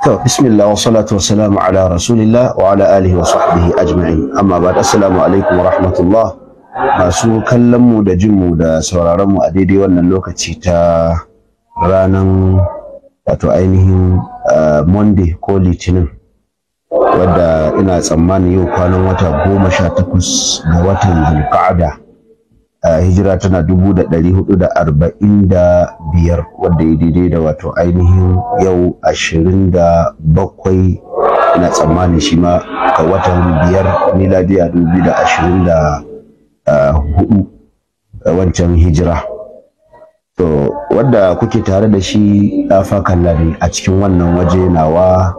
To, bismillah wa salatu wa salamu ala rasulillah wa ala alihi wa sahbihi ajma'in. Amma ba da assalamu alaikum wa rahmatullah. Masu kallon mu da jin mu da sauraron mu a daidai wannan lokaci ta ranar wato ainihin Monday ko Litinin. Wadda ina tsammanin yau kwanan wata goma sha takwas ga watan Zulqa'ada. Eh, hijira tana dubu da ɗari hudu da arba'in da biyar wadda ya daidai da wato ainihin yau ashirin da bakwai ina tsammani shi ma ga watan biyar miladiya dubu da ashirin da eh, hudu eh, wancan hijira to wadda kuke tare da shi ɗafa kallari a cikin wannan waje nawa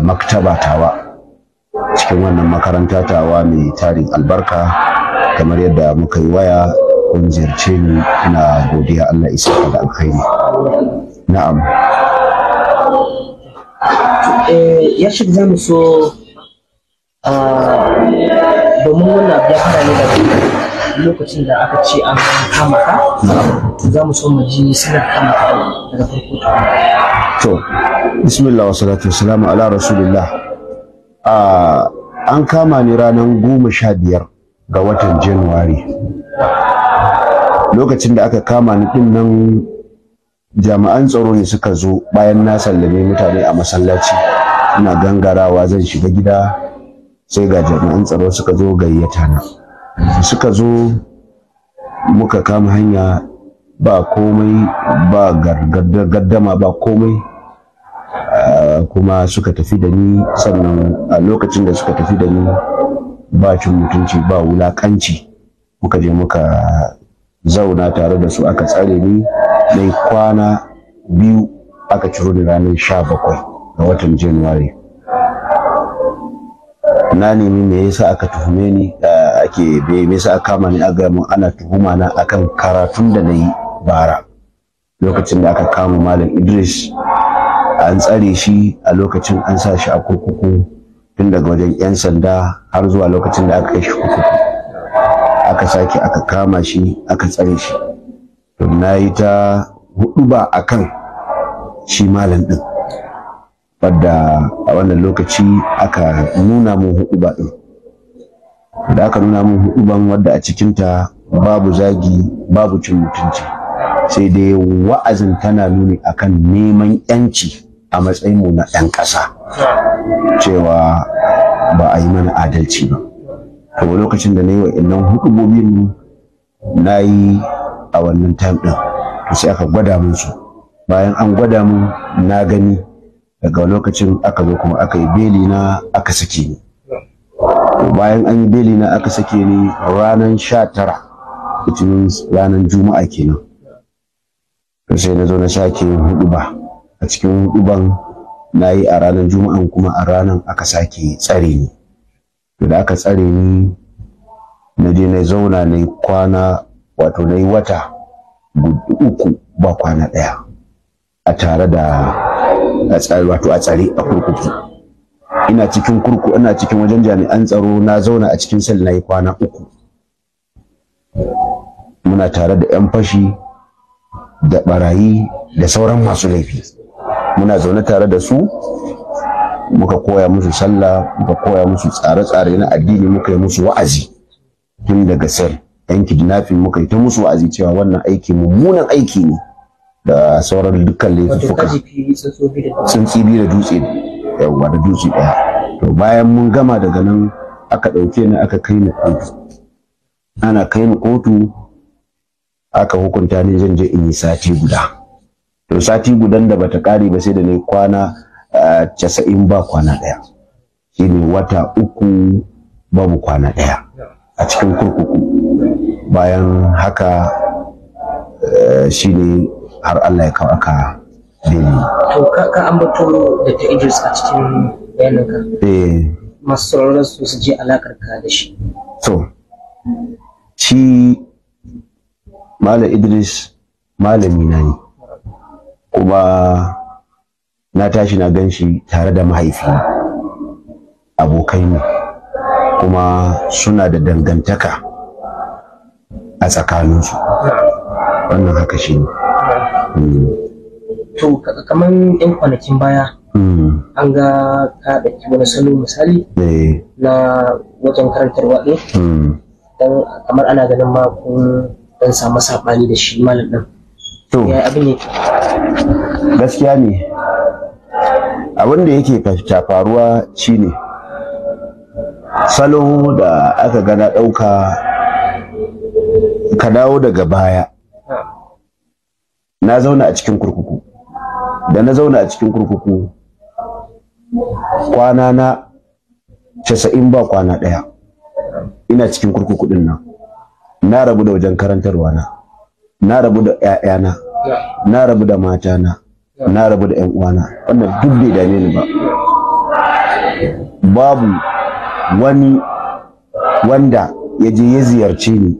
maktaba tawa cikin wannan makaranta tawa mai tarin albarka kamar yadda muka yi waya kun ziyarce ni ina godiya Allah isa da alkhairi na'am eh, ya shi za mu so ah, domin wannan ya fara ne da lokacin da aka ce an kama ka za mu so mu ji sanar kama ka daga farko to bismillah wa salatu wa salamu ala rasulillah ah, an kama ni ranar goma sha biyar ga watan Januwari. Lokacin da aka kama ni ɗin nan jami'an tsaro ne suka zo bayan na sallame mutane a masallaci ina gangarawa zan shiga gida sai ga jami'an tsaro suka zo gayyata na. Suka zo muka kama hanya ba komai ba gaddama ba komai ah, kuma suka tafi da ni sannan a lokacin da suka tafi da ni ba cin mutunci ba wulakanci muka je muka zauna tare da su aka tsare ni dai kwana biyu aka ciro ni ranar sha bakwai ga watan januwari na nemi me yasa aka tuhume ni ake me yasa aka kama ni aka mun ana tuhuma na akan karatun da nayi bara lokacin da aka kama malam idris an tsare shi a lokacin an sa shi a kurkuku tun daga wajen 'yan sanda har zuwa lokacin da aka shi kurkuku aka sake aka kama shi aka tsare shi to na yi ta hudu ba a kan shi malam ɗin wadda a wannan lokaci aka nuna mun hudu ba ɗin da aka nuna mun hudu ban wadda a cikinta babu zagi babu cin mutunci sai dai wa'azin tana nuni akan neman 'yanci a matsayinmu na 'yan ƙasa cewa ba a yi mana adalci ba kuma lokacin da na yi wa'annan hukumomin na yi a wannan time din. to sai aka gwada min su bayan an gwada min na gani daga lokacin aka zo kuma aka yi beli na aka sake ni bayan an yi beli na aka sake ni ranar sha tara it ranar juma'a kenan sai na zo na sake yin hudu a cikin hudu na yi a ranar juma'an kuma a ranar aka sake tsare ni da aka tsare ni na je na zauna na yi kwana wato na yi wata uku ba kwana ɗaya a tare da wato a tsare a kurkuku ina cikin kurku ina cikin wajen jami'an tsaro na zauna a cikin sel na yi kwana uku muna tare da 'yan fashi da barayi da sauran masu laifi muna zaune tare da su muka koya musu sallah muka koya musu tsare-tsare na addini muka yi musu wa'azi tun daga sel yan kidnapping muka yi ta musu wa'azi cewa wannan aiki mummunan aiki ne da sauran dukkan laifuka sun tsibi da dutse yawwa da dutse daya to bayan mun gama daga nan aka ɗauke ni aka kai ni kotu ana kai ni kotu aka hukunta ni zan je in yi sati guda to sati gudan da bata kare ba sai da ne kwana eh, casa'in ba kwana daya shine wata uku babu kwana daya a cikin kurkuku bayan haka eh, shine har Allah ya kawo aka daidai. To ka ambato da ta Idris a cikin bayanaka Eh. Masu sauraron su su je alakar ka da shi. To shi Malam Idris malami na ne. kuma na tashi na gan shi tare da mahaifi abokai ne kuma suna da dangantaka a tsakaninsu wannan haka shi ne hmm. to kamar yan kwanakin baya hmm. an ga ka ɗauki wani salo misali eh. na wajen karantar waɗe hmm. don kamar ana ganin ma kun dan samu saɓani da shi malam ɗin to ya abin ne gaskiya ne abin da yake faruwa shine salo da aka gana ɗauka ka dawo daga baya na zauna a cikin kurkuku da na zauna a cikin kurkuku kwana na casa'in ba kwana ɗaya ina cikin kurkuku ɗin nan na rabu da wajen karantarwa na na rabu da 'ya'yana na rabu da matana na rabu da 'yan uwana wannan duk bai dame ni ba babu wani wanda ya je ya ziyarce ni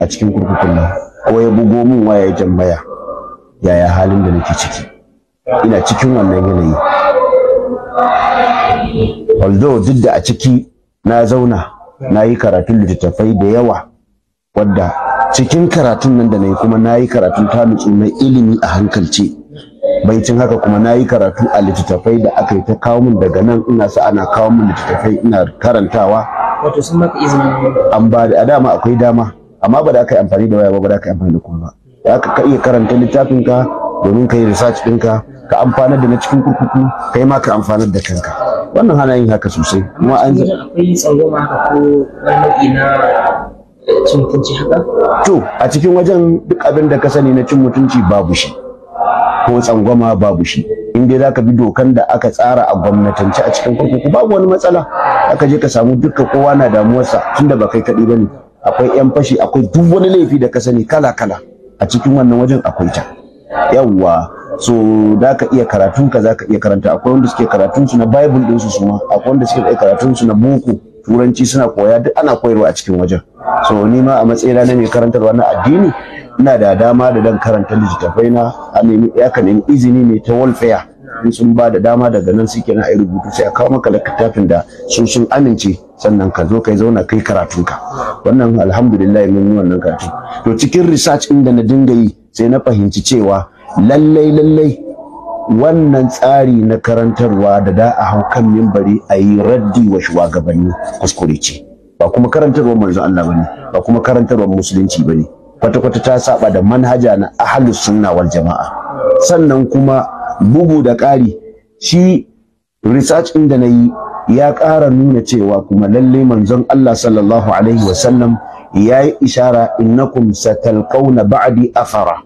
a cikin kurkukun nan ko ya bugo min waya ya tambaya yaya halin da nake ciki ina cikin wannan yanayi although duk da a ciki na zauna na yi karatun littattafai da yawa wadda cikin karatun nan da na yi kuma na yi karatun ta nutsu na ilimi a hankalce Bai cin haka kuma na yi karatu a littattafai da aka yi ta kawo min daga nan ina sa ana kawo min littattafai ina karantawa wato sun maka izinin an ba da dama akwai dama amma ba da aka yi amfani da waya ba ba da aka yi amfani da kuma ba da aka ka iya karanta littafin ka domin ka yi research ɗinka ka amfanar da na cikin kurkuku kai ma ka amfanar da kanka wannan hana yin haka sosai kuma an akwai ma haka ko wani na cin mutunci haka to a cikin wajen duk abin da ka sani na cin mutunci babu shi ko tsangwama babu shi in dai zaka bi dokan da aka tsara a gwamnatance a cikin kurkuku babu wani matsala aka je ka samu dukka kowa na damuwarsa tunda ba kai kaɗai ba ne akwai yan fashi akwai duk wani laifi da ka sani kala kala a cikin wannan wajen akwai ta yawwa so da ka iya karatun ka zaka iya karanta akwai wanda suke karatun su na bible din su suma akwai wanda suke karatun su na boko turanci suna koya duk ana koyarwa a cikin wajen so ni ma a matsayina na mai karantarwa na addini ina da dama da dan karanta littattafai na a nemi ya kan izini ne ta walfaya in sun ba da dama daga nan suke na ayi rubutu sai a kawo maka littafin da sun sun amince sannan ka zo kai zauna kai karatunka wannan alhamdulillah mun yi wannan karatu to cikin research da na dinga yi sai na fahimci cewa lallai lallai wannan tsari na karantarwa da da a hau kan mimbari a yi raddi wa shugabanni kuskure ce ba kuma karantarwar manzo Allah bane ba kuma karantarwar musulunci bane kwata-kwata ta saba da manhaja na ahalus sunna wal jama'a sannan kuma bugu da ƙari shi research ɗin da na yi ya ƙara nuna cewa kuma lalle manzon Allah sallallahu alaihi wasallam ya yi ishara innakum ba'adi ba'di afara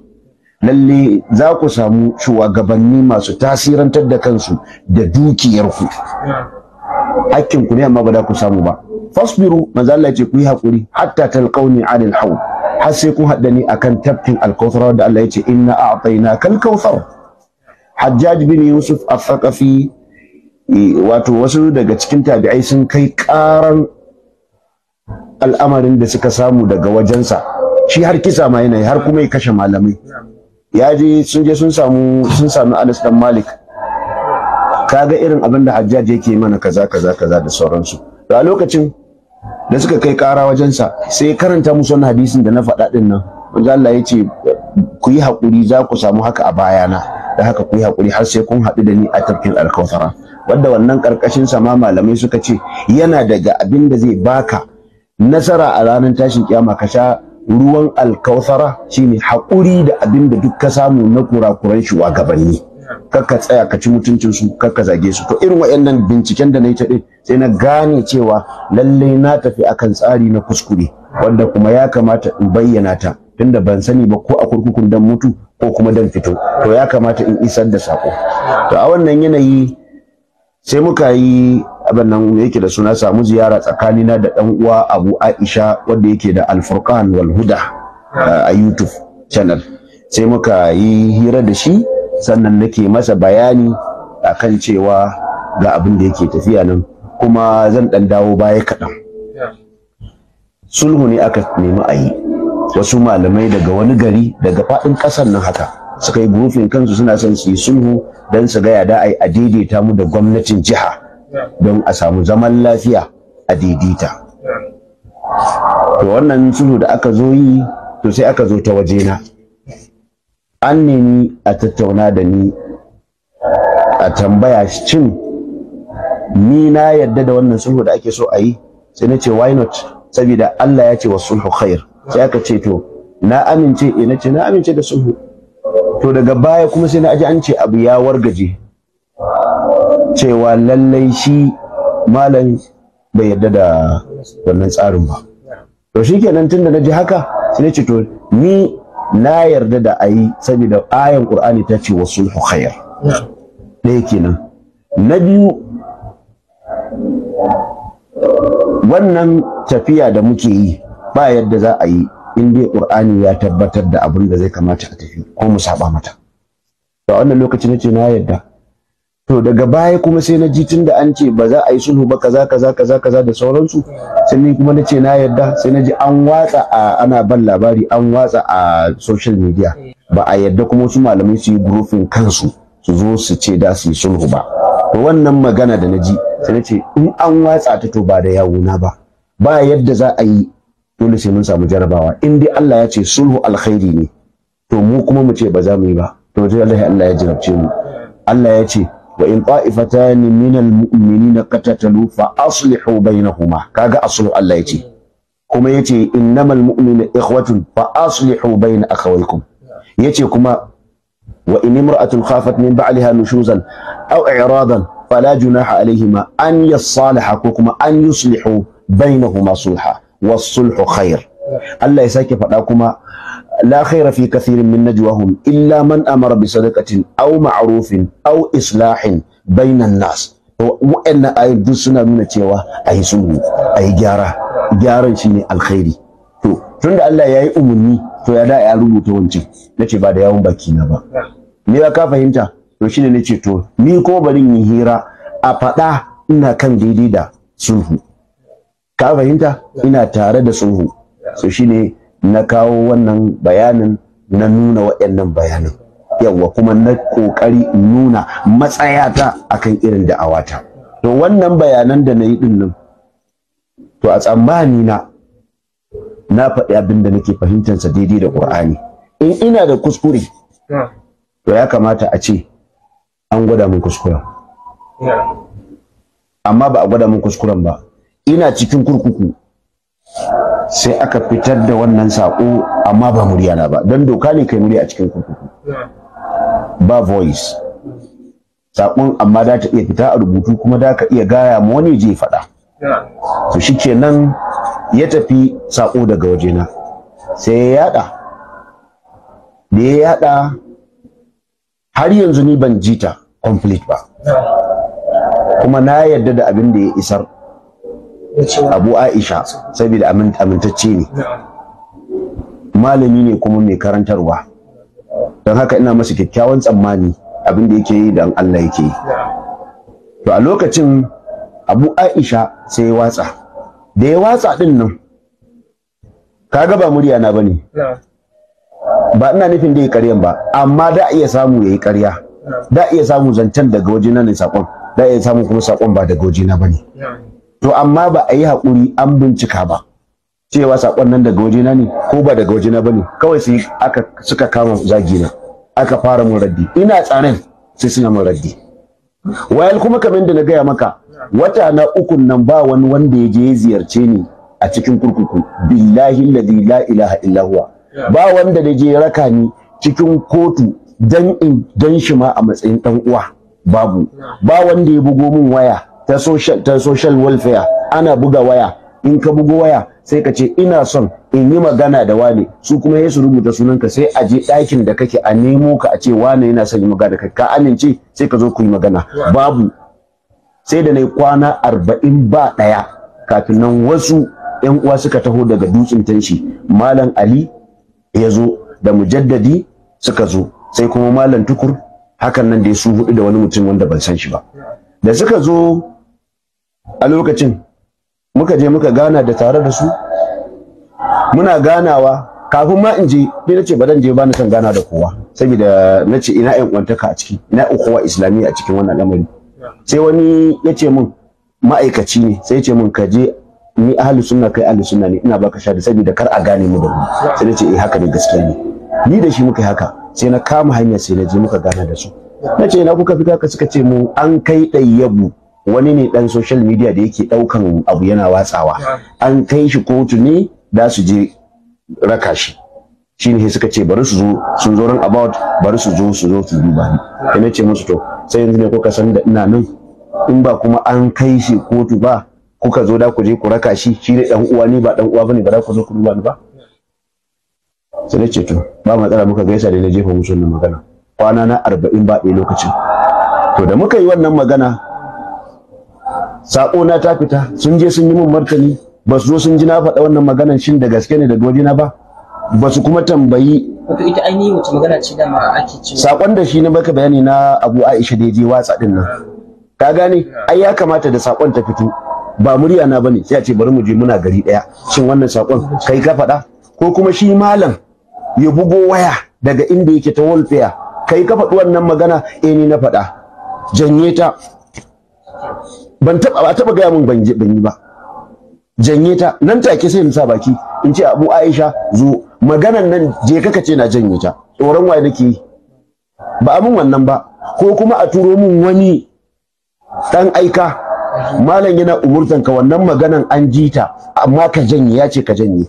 lalle za ku samu shugabanni masu tasirantar da kansu da dukiyarku hakkin ku ne amma ba za ku samu ba fasbiru manzo Allah ce ku yi hakuri hatta talqauni anil hawl har sai kun haɗa ni akan tafkin alkautar da Allah ya ce inna a'taina kal kautsar hajjaj bin yusuf al-thaqafi wato wasu daga cikin tabi'ai sun kai ƙaran al'amarin da suka samu daga wajensa shi har kisa ma yana har kuma ya kashe malamai ya je sun je sun samu sun samu Anas dan Malik kaga irin abin da Hajjaj yake mana kaza kaza kaza da sauransu a lokacin da suka kai wajen wajensa sai karanta musu wannan hadisin da na faɗa ɗin nan manzo Allah ya ce ku yi haƙuri za ku samu haka a baya na da haka ku yi haƙuri har sai kun haɗu da ni a tafkin alkautara wanda wannan karkashin sa ma malamai suka ce yana daga abin da zai baka nasara a ranar tashin kiyama ka sha ruwan alkautara shine haƙuri da abin da duk ka samu na kurakuran gabanni kakka tsaya ka ci mutuncin su kakka zage su to irin waɗannan binciken da na yi ta ɗin sai na gane cewa lalle na tafi akan tsari na kuskure wanda kuma ya kamata in bayyana ta tunda ban sani ba ko a kurkukun dan mutu ko kuma dan fito to ya kamata in isar da sako to a wannan yanayi sai muka yi abin nan me yake da suna samu ziyara tsakanina da dan uwa Abu Aisha wanda yake da Al-Furqan wal Huda a YouTube channel sai muka yi hira da shi sannan nake masa bayani akan cewa ga abin da yake tafiya nan kuma zan dan dawo baya kaɗan sulhu ne aka nemi a yi wasu malamai daga wani gari daga faɗin ƙasar nan haka suka yi gurufin kansu suna son su yi sulhu don su gaya da a daidaita mu da gwamnatin jiha don a samu zaman lafiya a daidaita to wannan sulhu da aka zo yi to sai aka zo ta waje na. an nemi a tattauna da ni a tambaya shi cin ni na yadda da wannan sulhu da ake so a yi sai na ce why not saboda Allah ya ce wa sulhu khair sai aka ce to na amince eh na ce na amince da sulhu to daga baya kuma sai na aji an ce abu ya wargaje cewa lallai shi malam bai yadda da wannan tsarin ba to shikenan da na ji haka sai na ce to ni na yarda da a yi saboda ayan ƙur'ani ta ce wasu hukayar ɗaya kenan na biyu wannan tafiya da muke yi ba yadda za a yi in dai ƙur'ani ya tabbatar da abin da zai kamata a tafi ko mu saba mata da wannan lokaci nace na yarda to daga baya kuma sai na ji tun da an ce ba za a yi sulhu ba kaza kaza kaza kaza da sauransu sai ni kuma na na yarda sai na ji an watsa a ana ban labari an watsa a social media ba a yarda kuma wasu malamai su yi grouping kansu su zo su ce da su yi sulhu ba to wannan magana da na ji sai na ce in an watsa ta to ba da na ba ba yadda za a yi dole sai mun samu jarabawa in dai Allah ya ce sulhu alkhairi ne to mu kuma mu ce ba za mu yi ba to dai Allah ya jarabce mu Allah ya ce wa in ta'ifatani minal mu'minina qatatalu fa aslihu bainahuma kaga aslu Allah yace kuma yace innamal mu'minu ikhwatun fa aslihu bain akhawaykum yace kuma wa in imra'atun khafat min ba'liha nushuzan aw i'radan fala junaha alayhima an yasalaha ko kuma an yuslihu bainahuma sulha was sulhu khair Allah ya sake faɗa kuma لا خير في كثير من نجواهم إلا من أمر بصدقة أو معروف أو إصلاح بين الناس وأن آية دوسنا من تيوا أي سنة gyara. Gyaran جارة شيني الخيري to tunda Allah ya yi umarni to ya da ya rubuta wancan na ce ba da yawon baki na ba me ya ka fahimta to shine na ce to ni ko barin yi hira a faɗa ina kan daidai da sulhu ka fahimta ina tare da sulhu shine na kawo wannan bayanin na nuna waɗannan bayanin yawa kuma na ƙoƙari nuna matsayata akan irin da'awata to wannan bayanan da na yi ɗin to a tsammani na na faɗi abin da nake fahimtansa daidai da ƙur'ani in ina da kuskure to ya kamata a ce an gwada min kuskuren amma ba a gwada min kuskuren ba ina cikin kurkuku sai aka fitar da wannan saƙo amma ba murya na ba don doka ne kai murya a cikin kurkuku ba voice saƙon amma da ta iya fita a rubutu kuma da ka iya gaya ma wani je faɗa to shi nan ya tafi saƙo daga wajena sai ya yaɗa da ya yaɗa har yanzu ni ban jita complete ba kuma na yarda da abin da ya isar abu aisha saboda amintacce ne malami ne kuma mai karantarwa don haka ina masa kyakkyawan tsammani abin da yake yi don Allah yake yi to a lokacin abu aisha sai ya watsa da ya watsa din nan kaga ba murya na bane ba ina nufin da ya karyan ba amma da iya samu yayi karya da iya samu zancen daga wajen nan sakon da iya samu kuma sakon ba daga wajen na bane to amma ba a yi haƙuri an bincika ba cewa saƙon nan daga wajena ne ko ba daga wajena ba ne kawai sai aka suka kama zagina aka fara mun raddi ina tsarin sai suna mun raddi wayal kuma kamar da na gaya maka wata na ukun nan ba wani wanda ya je ziyarce ni a cikin kurkuku billahi alladhi la ilaha illa huwa ba wanda da je raka ni cikin kotu dan in dan shi ma a matsayin dan uwa babu ba wanda ya bugo min waya ta social ta social welfare ana buga waya in ka bugo waya sai ka ce ina son in yi magana da wane su kuma ya su rubuta sunanka sai a je ɗakin da kake a nemo ka a ce wane yana son yi magana kai ka amince sai ka zo ku yi magana babu sai da na kwana arba'in ba ɗaya kafin nan wasu yan uwa suka taho daga dutsen tanshi malam ali ya zo da mujaddadi suka zo sai kuma malam tukur hakan nan dai su hudu da wani mutum wanda ban san shi ba da suka zo a lokacin muka je muka gana da tare da su muna ganawa kafin ma in je ni nace ba zan je ba na san gana da kowa saboda nace ina yan kwantaka a ciki ina ukuwa islamiyya a cikin wannan lamari sai wani ya ce min ma'aikaci ne sai ya ce min ka je ni ahli sunna kai ahli sunna ne ina baka shahada saboda kar a gane mu da mu sai nace eh haka ne gaskiya ne ni da shi muka yi haka sai na kama hanya sai na je muka gana da su nace ina kuka fita ka suka ce mu an kai ɗayyabu wani ne dan social media da yake daukan abu yana watsawa an kai shi kotu ne da su je raka shi Shi ne suka ce bari su zo sun zo ran about bari su zo su zo su duba ni ina ce musu to sai yanzu ne kuka san da ina nan in ba kuma an kai shi kotu ba kuka zo da ku je ku raka shi shi ne dan uwa ne ba dan uwa bane ba za ku zo ku duba ni ba sai ce to ba matsala muka gaisa da na jefa musu wannan magana kwana na arba'in ba ɗaya lokacin to da muka yi wannan magana sako ta fita sun je sun yi min martani ba su zo sun ji na faɗa wannan maganan shin da gaske ne da wajena ba ba su kuma tambayi wato ita ainihi wace magana ce da ma ake cewa sakon da shi ne baka bayani na Abu Aisha da je watsa din nan ka gane ai ya kamata da sakon ta fito ba murya na bane sai a ce bari mu je muna gari daya shin wannan sakon kai ka faɗa ko kuma shi malam ya bugo waya daga inda yake ta wolfiya kai ka faɗi wannan magana eh ni na faɗa janye ta ban taba ba taba gaya min ban ban yi ba janye ta nan take sai in sa baki in ce Abu Aisha zo maganan nan je kaka ce na janye ta tsoron waye nake ba min wannan ba ko kuma a turo min wani dan aika malam yana umurtan ka wannan maganan an ji ta amma ka janye ya ce ka janye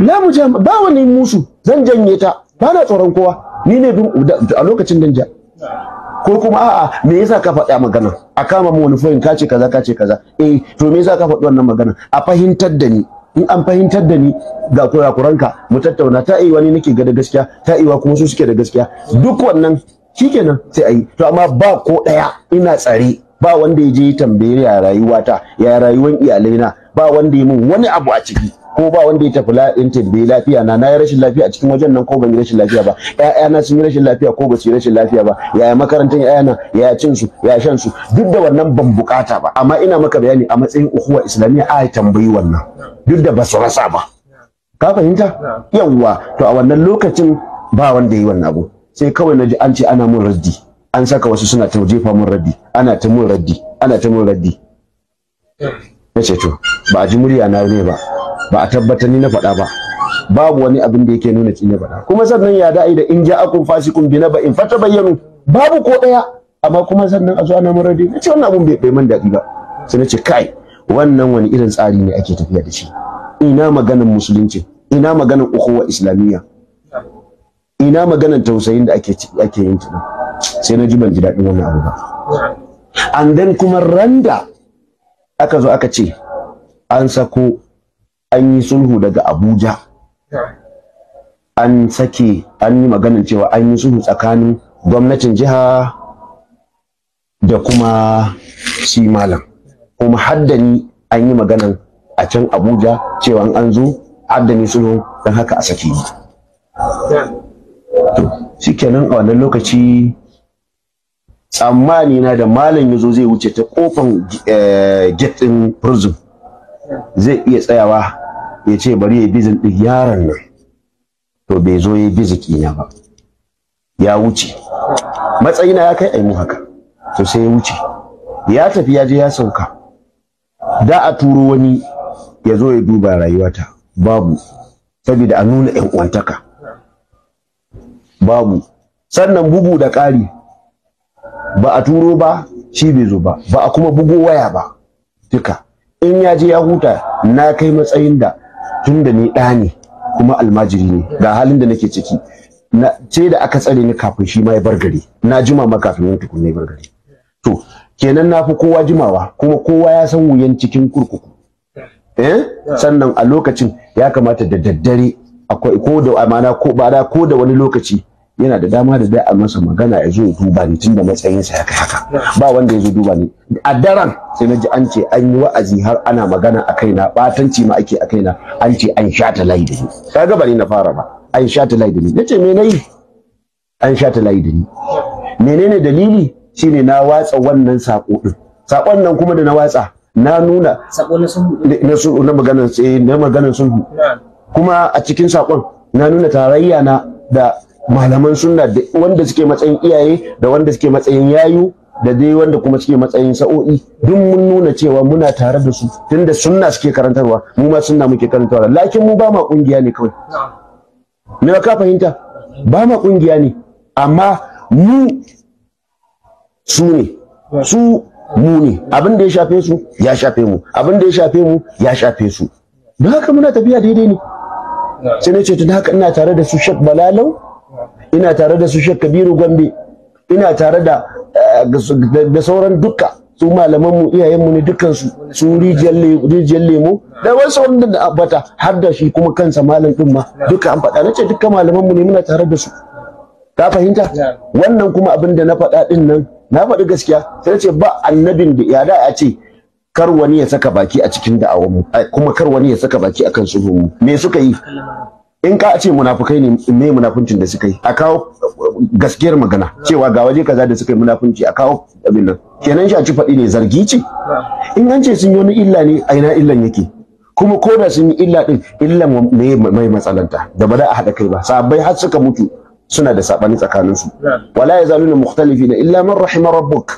la mu ba wani musu zan janye ta ba na tsoron kowa ni ne a lokacin danja ko kuma a'a me yasa ka faɗa magana a kama mu wani foyin ka kaza kace kaza eh to me yasa ka faɗi wannan magana a fahimtar da ni in an fahimtar da ni ga kurakuranka mu tattauna ta iya wani nake ga da gaskiya ta iya kuma su suke da gaskiya duk wannan shikenan sai a to amma ba ko ɗaya ina tsare ba wanda ya je tambayar ya rayuwata ya rayuwan iyalaina ba wanda ya mun wani abu a ciki ko ba wanda ya tafi in tabbe lafiya na na yi rashin lafiya a cikin wajen nan ko ban yi rashin lafiya ba ƴaƴana sun yi rashin lafiya ko ba su yi rashin lafiya ba yaya makarantar ƴaƴana yaya cin su yaya shan su duk da wannan ban bukata ba amma ina maka bayani a matsayin ukuwa islamiyya a tambayi wannan duk da ba su rasa ba ka fahimta yawwa to a wannan lokacin ba wanda ya yi wannan abu sai kawai na ji an ce ana mun raddi an saka wasu suna ta jefa mun raddi ana ta mun raddi ana ta mun raddi na ce to ba a ji murya na ne ba ba a tabbatar ni na faɗa ba babu wani abin da yake nuna cinye faɗa kuma sannan ya da'i da in ja'akum fasiqun bi fata bayyanu babu ko daya amma kuma sannan a zuwa ana muradi na ce wannan abun bai man daɗi ba sai na ce kai wannan wani irin tsari ne ake tafiya da shi ina maganan musulunci ina maganan ukhuwa islamiyya ina maganan tausayin da ake ake yin ta sai na ji ban ji daɗin wannan abu ba and then kuma randa aka zo aka ce an sako an yi sulhu daga abuja an sake an yi maganin cewa an yi sulhu tsakanin gwamnatin jiha da kuma shi malam kuma haddani an yi maganan a can abuja cewa an zo haddani sulhu don haka a sake ni kenan a wannan lokaci tsammani na da malam ya zo zai wuce ta kofan eh, gittin din prison zai iya tsayawa ya ce bari ya bizin ɗin yaron nan to bai zo ya bizi kinya ba ya wuce matsayina ya kai aimu haka to sai ya wuce ya tafi ya je ya sauka da a turo wani ya zo ya duba rayuwata babu saboda a nuna yan uwantaka babu sannan bugu da ƙari ba a turo ba shi bai zo ba ba a kuma bugo waya ba duka in ya je ya huta na kai matsayin da tunda ni ɗa ne kuma almajiri ne ga halin da nake ciki na ce da aka tsare ni kafin shi ma ya bar gari na jima ma kafin yin kun ya bar gari to kenan na fi kowa jimawa kuma kowa ya san wuyan cikin kurkuku eh sannan a lokacin ya kamata da daddare akwai ko da amana ko ba da ko da wani lokaci yana da dama da dai a masa magana ya zo duba ni tunda matsayinsa ya kai haka ba wanda ya zo duba ni a daren sai na ji an ce an yi wa'azi har ana magana a kaina batanci ma ake a kaina an ce an sha ta layi da ni kaga ba ni na fara ba an sha ta layi da ni nace me nayi an sha ta layi da ni menene dalili shine na watsa wannan sako din sakon nan kuma da na watsa na nuna sako na na maganar sai na maganar eh, sulhu kuma a cikin sakon na nuna tarayya na da malaman sunna wanda suke matsayin iyaye da wanda suke matsayin yayu da dai wanda kuma suke matsayin sa'o'i duk mun nuna cewa muna tare da su tunda sunna suke karantarwa mu ma sunna muke karantarwa lakin mu ba ma kungiya ne kawai me ka fahimta ba ma kungiya ne amma mu su ne su mu ne abin da ya shafe su ya shafe mu abin da ya shafe mu ya shafe su don haka muna tafiya daidai ne sai na ce tun haka ina tare da su shek balalau ina tare da su Sheikh Kabiru Gombe ina tare da eh, da sauran duka. su malaman mu iyayen mu ne dukkan su su rijiyar lemu da wasu wanda da abata har da shi kuma kansa malam din ma duka an faɗa nace dukkan malaman mu ne muna tare da su ka fahimta wannan kuma abin da na faɗa din nan na faɗi gaskiya sai ce ba annabin da ya da a ce kar wani ya saka baki a cikin da'awar mu kuma kar wani ya saka baki akan sulhu me suka yi in ka ce munafukai ne me munafuncin da suka yi a kawo gaskiyar magana cewa ga waje kaza da suka yi munafunci a kawo abin nan kenan shi a ci faɗi ne zargi ce in an ce sun yi wani illa ne a ina illan yake kuma ko da sun yi illa din illan me mai matsalanta da ba za a haɗa kai ba sabai har suka mutu suna da sabani tsakanin su wala yazaluna mukhtalifina illa man rahima rabbuk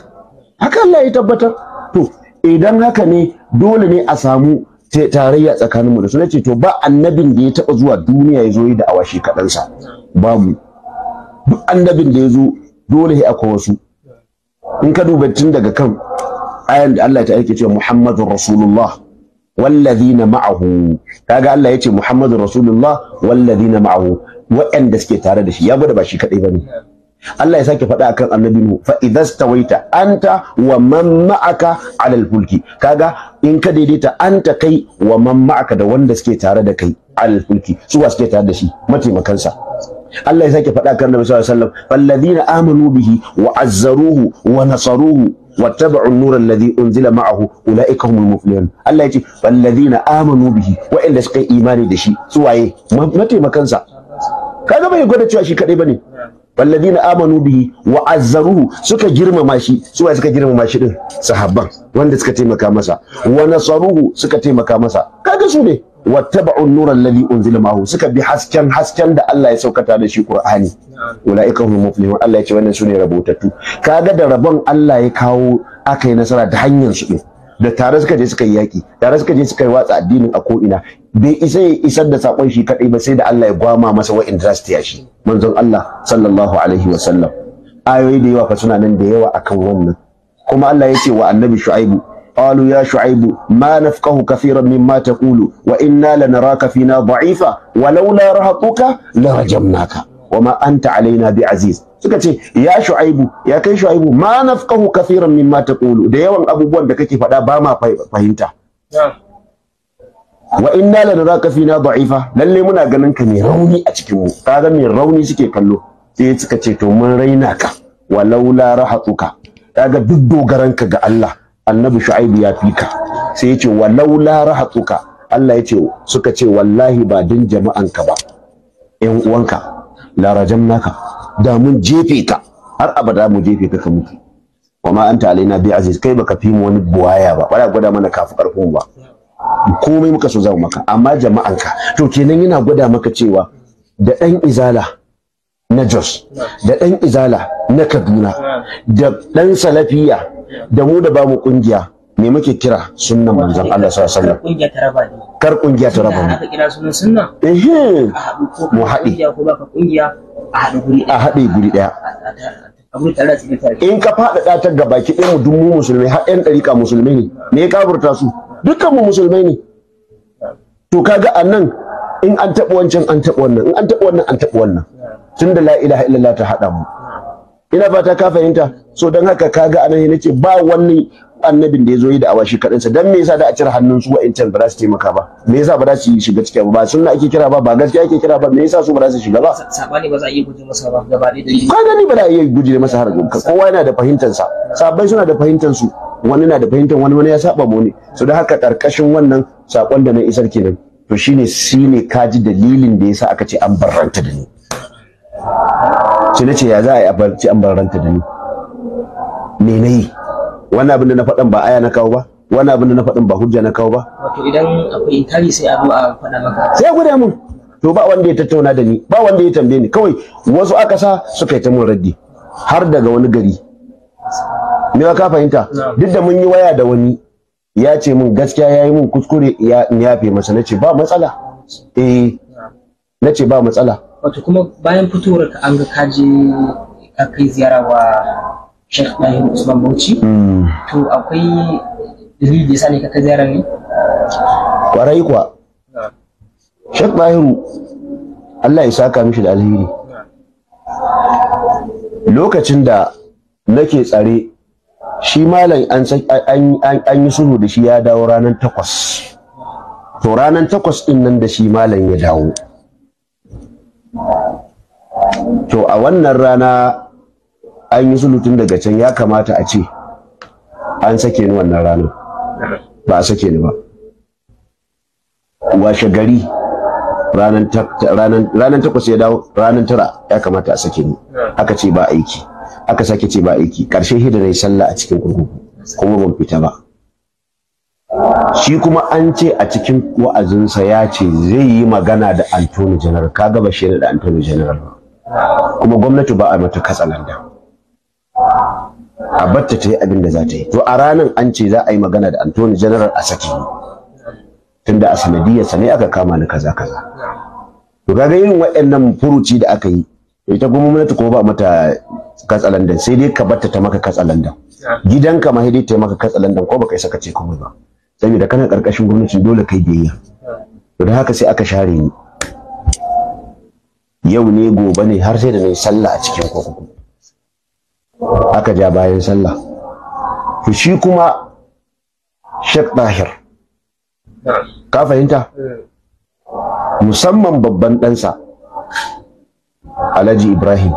haka Allah ya tabbatar to idan haka ne dole ne a samu sai tarayya tsakanin mu da su ce to ba annabin da ya taba zuwa duniya ya zo yi da'awa shi kadan sa ba mu duk annabin da ya zo dole sai akwai wasu in ka duba tun daga kan ayan da Allah ta aike cewa Muhammadur Rasulullah wallazina ma'ahu kaga Allah yace Muhammadur Rasulullah wallazina ma'ahu waɗanda suke tare da shi ya gwada ba shi kadai bane Allah ya sake faɗa akan annabi Nuhu fa idhastawaita anta wa man ma'aka al fulki kaga in ka daidaita anta kai wa man ma'aka da wanda suke tare da kai al fulki su wa suke tare da shi sa Allah ya sake faɗa akan annabi sallallahu alaihi wasallam ladina amanu bihi wa azzaruhu wa nasaruhu unzila ma'ahu واتبعوا النور الذي انزل معه اولئك هم المفلحون الله يجي فالذين suka به وان سكاي ايماني دشي سواye sa kaga bai gwada cewa shi kadai bane walladina amanu bihi wa azzaruhu suka girmama shi su suka girmama shi din sahabban wanda suka taimaka masa wa nasaruhu suka taimaka masa kaga su ne wattaba'u an-nura alladhi unzila ma'ahu suka bi hasken hasken da Allah ya saukata da shi Qur'ani ulaika hum muflihun Allah ya ce wannan sune rabotattu kaga da rabon Allah ya kawo aka yi nasara da hanyar su din da tare suka je suka yi yaƙi tare suka je suka yi watsa addinin a ko'ina bai isa ya isar da saƙon shi kaɗai ba sai da Allah ya gwama masa wa'in za su taya shi manzon Allah sallallahu alaihi wa sallam ayoyi da yawa fa suna nan da yawa akan wannan kuma Allah ya ce wa annabi shu'aibu قالوا يا شعيب ما نفقه كثيرا مما تقول وإنا لنراك فينا ضعيفا ولولا رهطك لرجمناك وما Alaina bi aziz. suka ce ya shu'aibu ya kai shu'aibu ma nafqahu kathiran mimma taqulu da yawan abubuwan da kake faɗa ba ma fahimta wa inna naraka fina da'ifa lalle muna ganin ka ne rauni a cikin mu kaga mai rauni suke kallo sai suka ce to mun raina ka walaula rahatuka kaga duk dogaran ka ga Allah annabi shu'aibu ya fi ka sai ya ce walaula rahatuka Allah ya ce suka ce wallahi ba din jama'anka ba ƴan uwanka larajan naka da mun jefe ka har abada mu jefe ka ka mutu wa ma anta alaina bi aziz kai baka fi mu wani buwaya ba bara gwada mana kafi karfin ba komai muka so za maka amma jama'an ka to kenan yana gwada maka cewa da ɗan izala na Jos da ɗan izala na Kaduna da ɗan salafiya da mu da mu kungiya. me muke kira sunnan manzon Allah sallallahu alaihi wasallam kar kungiya ta raba mu aka kira sunan sunna eh mu haɗe a haɗe guri ɗaya. in ka faɗaɗa ta ga baki ɗaya duk mu musulmai har ɗan ɗariƙa musulmai ne me ya kaburta su dukkan mu musulmai ne to kaga anan in an taɓa wancan an taɓa wannan in an taɓa wannan an taɓa wannan tunda la ilaha illallah ta haɗa mu ina fata ka fahimta so don haka kaga anan nake ba wani annabin da ya zo yi da'awa shi kaɗansa dan me yasa da a cire hannun su wa'incan ba za su taimaka ba me yasa ba za su shiga cikin ba sunna ake kira ba ba gaskiya ake kira ba me yasa su ba za su shiga ba sabani ba za a iya guje masa ba gaba da ka gani ba za a iya guje masa har kowa yana da fahimtar sa sabai suna da fahimtar su wani na da fahimtar wani wani ya saba mu ne so da haka karkashin wannan sakon da na isar kenan to shine shine kaji dalilin da yasa aka ce an barranta da ni sai ce ya za a yi a barci an barranta da ni me nayi wannan abin da na faɗin ba aya na kawo ba wannan abin da na faɗin ba hujja na kawo ba wato idan akwai tari sai a zo a faɗa maka sai guda mun to ba wanda ya tattauna da ni ba wanda ya tambaye ni kawai wasu aka sa suka yi ta mun raddi har daga wani gari me ka fahimta duk da mun yi waya da wani ya ce mun gaskiya ya yi mun kuskure ya yafe masa na ce ba matsala eh na ce ba matsala wato kuma bayan fitowar ka an ga kaje ka kai ziyara wa Sheikh Tahir Usman Bauchi. Hmm. To akwai dalili da yasa ne ka ziyara ni. Kwarai kuwa. Sheikh Tahiru Allah ya saka mishi da alheri. Lokacin da nake tsare shi malam an yi sulhu da shi ya dawo ranar takwas. To ranar takwas din nan da shi malam ya dawo. To a wannan rana an yi sulutun daga can ya kamata a ce an sake ni wannan ranar ba a sake ni ba washe gari ranar takwas ya dawo ranar tara ya kamata a sake ni aka ce ba aiki aka sake ce ba aiki karshe hida na yi sallah a cikin kurkuku kuma ban fita ba shi kuma an ce a cikin wa'azinsa ya ce zai yi magana da antoni general ka gaba shi da antoni general kuma gwamnati ba a mata katsalandan. a batta ta yi abin da za ta yi to a ranar an ce za a yi magana da antoni general a saki tunda a sanadiyarsa ne aka kama ni kaza kaza to ga irin waɗannan furuci da aka yi ita gwamnati ko ba mata katsalandan sai dai ka batta ta maka katsalandan gidanka ma hidita ta maka katsalandan ko baka isa ce komai ba saboda kana karkashin gwamnati dole kai biyayya to da haka sai aka share ni yau ne gobe ne har sai da yi sallah a cikin kurkuku aka ja bayan sallah to shi kuma shek Dahir, ka fahimta musamman babban ɗansa alhaji ibrahim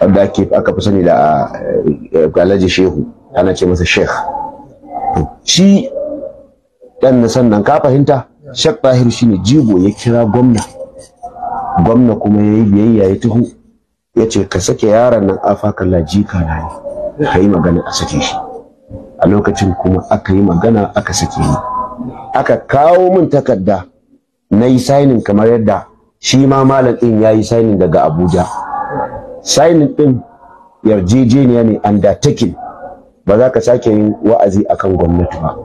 wanda ake aka fi sani da eh, alhaji shehu ana ce masa sheikh shi ɗan na sannan ka fahimta shek Dahir shine jigo ya kira gwamna gwamna kuma ya yi biyayya ya tuhu ya ce ka sake yaron nan afa kalla jika ka yi magana a sake shi a lokacin kuma aka yi magana aka sake ni aka kawo min takarda na yi sainin kamar yadda shi ma malam ɗin ya yi sainin daga abuja sainin ɗin yarjejeniya ne undertaking ba za ka sake yin wa'azi akan gwamnati ba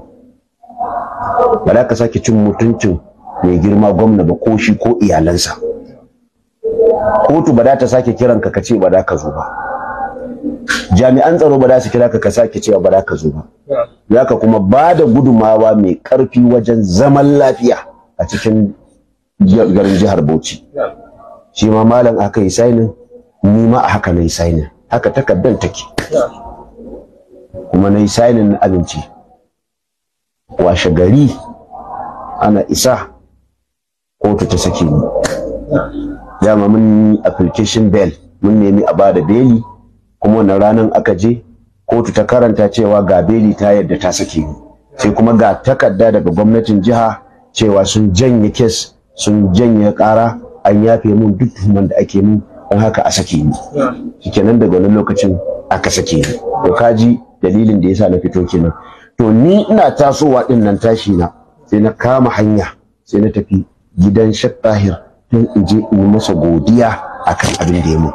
ba za ka sake cin mutuncin mai girma gwamna ba ko shi ko iyalansa kotu ba za ta sake kiran ka kace ba za ka zo ba jami'an tsaro ba za su kira ka ka sake cewa ba za ka zo ba ya ka kuma ba da gudummawa mai karfi wajen zaman lafiya a cikin garin jihar Bauchi shi ma malam aka yi sainin ni ma a haka na yi sainin haka takardar take kuma na yi sainin abinci washe gari ana isa kotu ta sake ni dama mun application bail mun nemi a bada beli kuma wannan ranar aka je kotu ta karanta cewa ga beli ta yadda ta sake ni sai kuma ga takarda daga gwamnatin jiha cewa sun janye kes sun janye kara an yafe mun duk tuhuman da ake mun don haka a sake ni shikenan daga wannan lokacin aka sake ni to kaji dalilin da yasa na fito kenan to ni ina tasowa din nan tashi na sai na kama hanya sai na tafi gidan Sheikh Tahir don in je in masa godiya akan abin da ya mu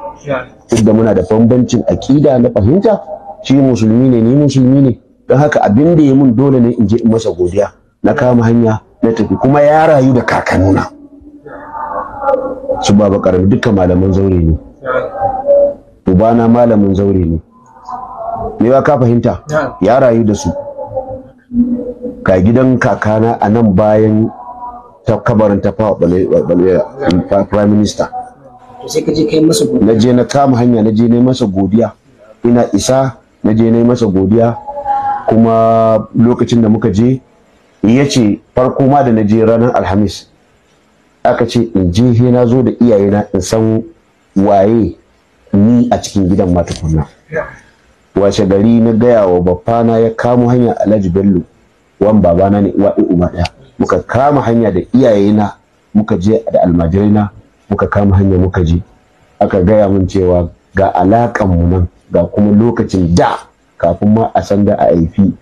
duk da muna da bambancin aƙida na fahimta shi musulmi ne ni musulmi ne don haka abin da ya mun dole ne in je in masa godiya na kama hanya na tafi kuma ya rayu da kakannuna su baba karami duka malaman zaure ne ubana malamin zaure ne me ba ka fahimta ya rayu da su Ka gidan kakana a nan bayan ta kabarin ta fawa bale um, prime minister na je na kama hanya na je masa godiya ina isa naje je masa godiya kuma lokacin da muka je ya ce farko ma da na je ranar alhamis aka ce in je he na zo da iyayena in san waye ni a cikin gidan ma tukunna washe gari na gaya wa na ya kamo hanya alhaji bello wan babana ne wa uba daya muka kama hanya da iyayena muka je da almajirina muka kama hanya muka je aka gaya mun cewa ga alaƙan mu nan ga kuma lokacin da kafin ma a san da a haifi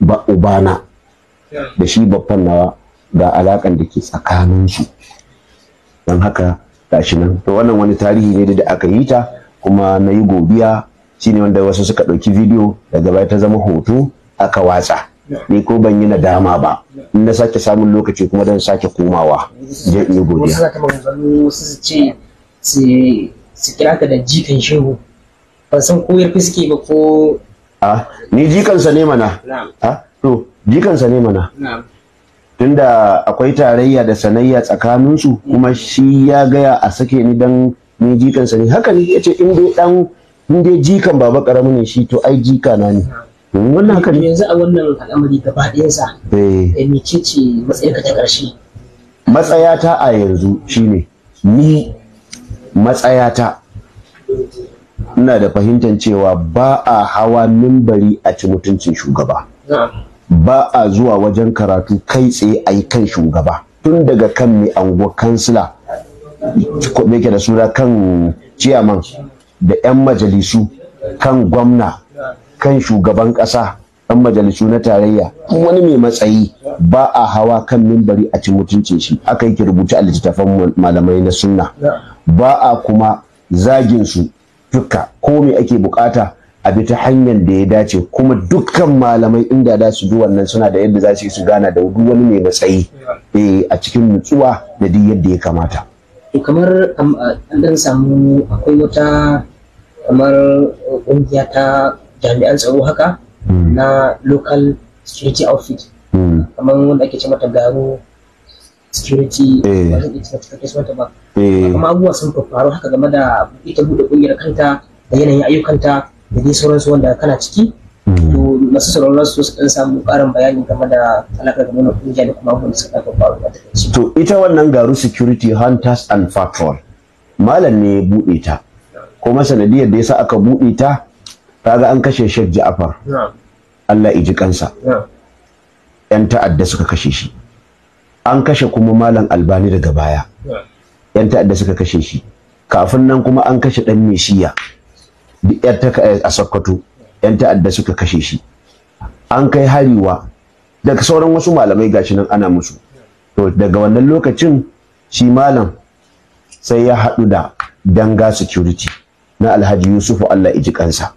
ba ubana da shi babban nawa ga alaƙan da ke tsakaninsu don haka gashi nan to wannan wani tarihi ne da aka yi ta kuma na yi godiya shine wanda wasu suka ɗauki bidiyo daga baya ta zama hoto aka watsa ni ko ban yi nadama ba in na sake samun lokaci kuma dan sake komawa je in yi godiya wasu zaka wasu su ce su kira ka da jikan shehu ban san ko yarfi suke ba ko a ah, ni jikansa ne mana a ah, to jikansa ne mana tunda akwai tarayya da sanayya tsakaninsu kuma shi ya gaya a sake ni dan ni jikansa ne haka ne yace in dai dan in dai jikan baba karamin shi to ai jika na ne wannan haka yanzu a wannan al'amari gaba ɗayansa eh, eh ce, ce matsayinka ta ƙarshe matsayata a yanzu shine ni matsayata ina da fahimtar cewa ba a hawa mimbari a ci mutuncin shugaba ba a zuwa wajen karatu kai tsaye a yi kan shugaba tun daga kan mai anguwa kansila me ke da suna kan ciyaman da 'yan majalisu kan gwamna kan shugaban ƙasa ɗan majalisu na tarayya wani mai matsayi ba a hawa kan mimbari a ci mutunci shi aka yi rubuta a littattafan malamai na sunna ba a kuma zagin su duka ko me ake bukata a bi ta hanyar da ya dace kuma dukkan malamai inda da su bi wannan suna da yadda za su yi su gana da duk wani mai matsayi eh, a cikin nutsuwa da duk yadda ya kamata. kamar an samu akwai wata kamar eh, ƙungiya ta jami'an tsaro haka hmm. na local security outfit hmm. kamar wanda ake ce mata garo security eh. ba kuma eh. abubuwa sun faru haka game da ita buɗe kungiyar kanta da yanayin ayyukanta da dai sauransu wanda kana ciki hmm. to masu sauraron su ɗan samu ƙarin bayani game da alaƙar game da kungiya da kuma abubuwan da suka faru a to ita wannan garu security hunters and patrol malam ne ya buɗe ta kuma sanadiyar da yasa aka buɗe ta kaga an kashe Sheikh Ja'far Allah iji kansa yan ta'adda suka kashe shi an kashe kuma malam Albani daga baya yan ta'adda suka kashe shi kafin nan kuma an kashe dan Mesiya, duk yar ta eh, a Sokoto yan ta'adda suka kashe shi an kai hariwa daga sauran wasu malamai gashi nan ana musu to daga wannan lokacin shi malam sai ya haɗu da danga security na alhaji yusufu allah iji kansa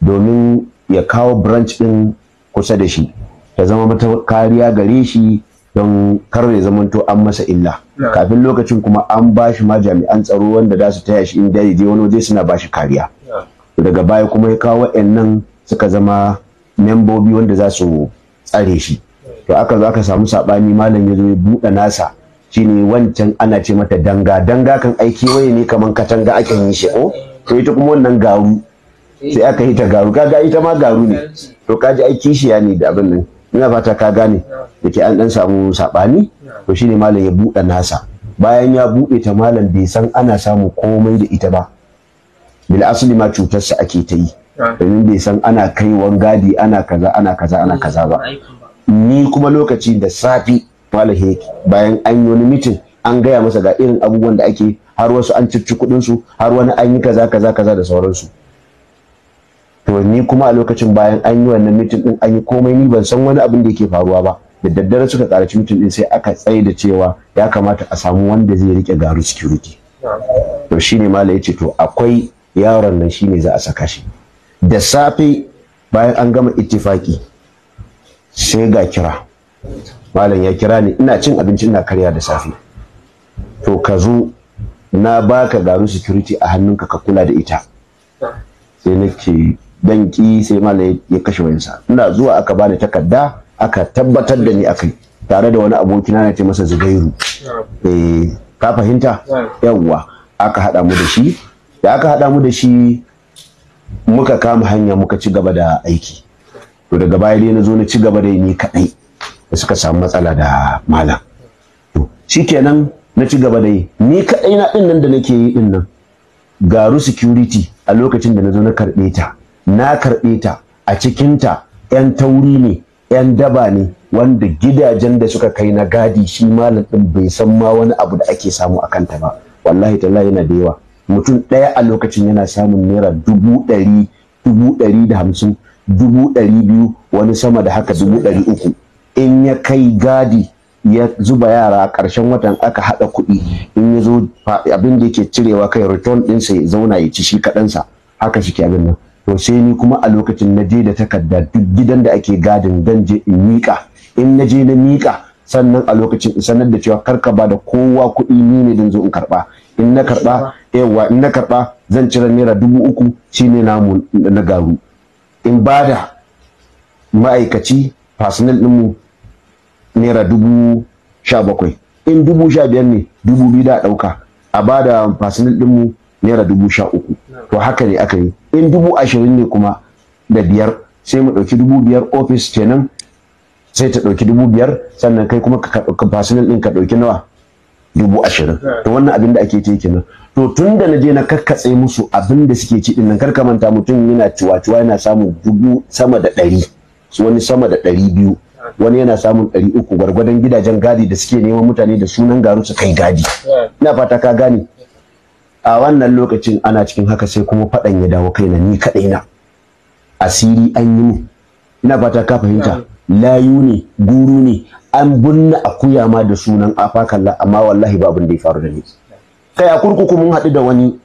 domin ya kawo branch ɗin kusa da shi ta zama mata kariya gare shi don kar ya zamanto an masa illa kafin lokacin kuma an ba shi ma jami'an tsaro wanda za su taya shi in da je wani waje suna ba shi kariya daga baya kuma ya kawo nan suka zama membobi wanda za su tsare shi to aka zo aka samu saɓani malam ya zo ya buɗe nasa shine wancan ana ce mata danga danga kan aiki waye ne kaman katanga ake yin shi ko to ita kuma wannan garu sai aka hita garu kaga ita ma garu ne to kaji ai kishiya ne da abin nan ina fata ka gane dake an dan samu sabani to shine malam ya buɗe nasa bayan ya buɗe ta malam bai san ana samu komai da ita ba bil asli ma cutarsa ake ta yi domin bai san ana kaiwan gadi ana kaza ana kaza ana kaza ba ni kuma lokaci da safi malam bayan an yi wani mitin an gaya masa ga irin abubuwan da ake har wasu an cicci su har wani an yi kaza kaza kaza da sauransu to ni kuma a lokacin bayan an yi wannan mitin din an yi komai ni ban san wani abin da yake faruwa ba da daddare suka karaci mitin din sai aka tsaye da cewa ya kamata a samu wanda zai rike garu security to shine ya yace to akwai yaron nan shine za a saka shi da safe bayan an gama ittifaki sai ga kira malam ya kira ni ina cin abinci ina karya da safe to ka zo na baka garu security a hannunka ka kula da ita sai nake danki ki sai mala ya kashe wayansa ina zuwa aka bani takarda aka tabbatar da ni akai tare da wani aboki na ce masa zubairu eh ka fahimta yawwa aka hada mu da shi da aka hada mu da shi muka kama hanya muka ci gaba da aiki to daga baya dai na zo na ci gaba da ni kadai da suka samu matsala da malam to shikenan na ci gaba dai ni kadai na din nan da nake yi din nan garu security a lokacin da na zo na karbe ta na karɓe ta a cikinta 'yan tauri ne 'yan daba ne wanda gidajen da suka kai na gadi shi malam ɗin bai san ma wani abu da ake samu a kanta ba wallahi tallahi yana da yawa mutum ɗaya a lokacin yana samun naira dubu ɗari dubu ɗari da hamsin dubu ɗari biyu wani sama da haka dubu ɗari uku in ya kai gadi ya zuba yara a ƙarshen watan aka haɗa kuɗi in ya zo abin da yake cirewa kai return ɗinsa ya zauna ya ci shi kaɗansa haka shi ke abin nan to sai ni kuma a lokacin na je da takarda duk gidan da ake gadin dan je in miƙa in na je na miƙa sannan a lokacin in sanar da cewa karka ba da kowa kuɗi ni ne dan zo in karɓa in na karɓa yawa in na karɓa zan cire naira dubu uku shi namu na garu in ba da ma'aikaci personal ɗinmu naira dubu sha bakwai in dubu sha biyar ne dubu biyu da ɗauka a ba bada personal ɗinmu naira dubu sha uku to haka ne aka yi in dubu ashirin ne kuma da biyar sai mu ɗauki dubu biyar ofis kenan sai ta ɗauki dubu biyar sannan kai kuma ka ɗauki personal ɗin ka ɗauki nawa dubu ashirin to wannan abin da ake ce kenan to tun da na je na karkatse musu abin da suke ci kar ka manta mutum yana ciwa-ciwa yana samun dubu sama da ɗari wani sama da ɗari biyu wani yana samun ɗari uku gwargwadon gidajen gadi da suke neman mutane da sunan garu su kai gadi ina fata ka gane a wannan lokacin ana cikin haka sai kuma faɗan ya dawo kaina ni kaɗai na asiri an yi ne ina fata ka fahimta layu ne guru ne an binne akuya ma da sunan afakalla amma wallahi ba abin da ya faru da ni kai a kurkuku mun haɗu da wani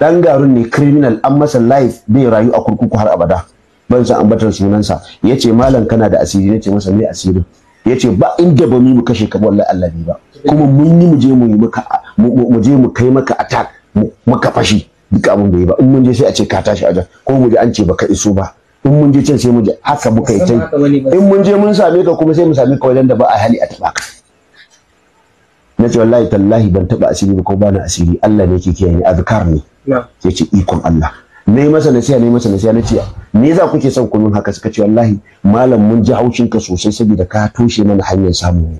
dan garun ne criminal an masa life bai rayu a kurkuku har abada ban san ambatar sunansa yace malam kana da asiri ce masa me asirin yace ba inda ba mu kashe ka wallahi Allah ba kuma mun yi mu je mu yi maka mu je mu kai maka attack muka fashi duka abin bai ba in mun je sai a ce ka tashi aja ko mu je an ce baka iso ba in mun je can sai mu je haka muka yi can in mun je mun same ka kuma sai mu same ka wajen da ba a hali a taba ka na ce wallahi tallahi ban taba asiri ko ba na asiri Allah ne yake kiyaye azkar ne Ya ce ikon Allah na yi masa nasiha na yi masa nasiha na ce me za kuke son kunun haka suka ce wallahi malam mun ji haushin ka sosai saboda ka toshe mana hanyar samu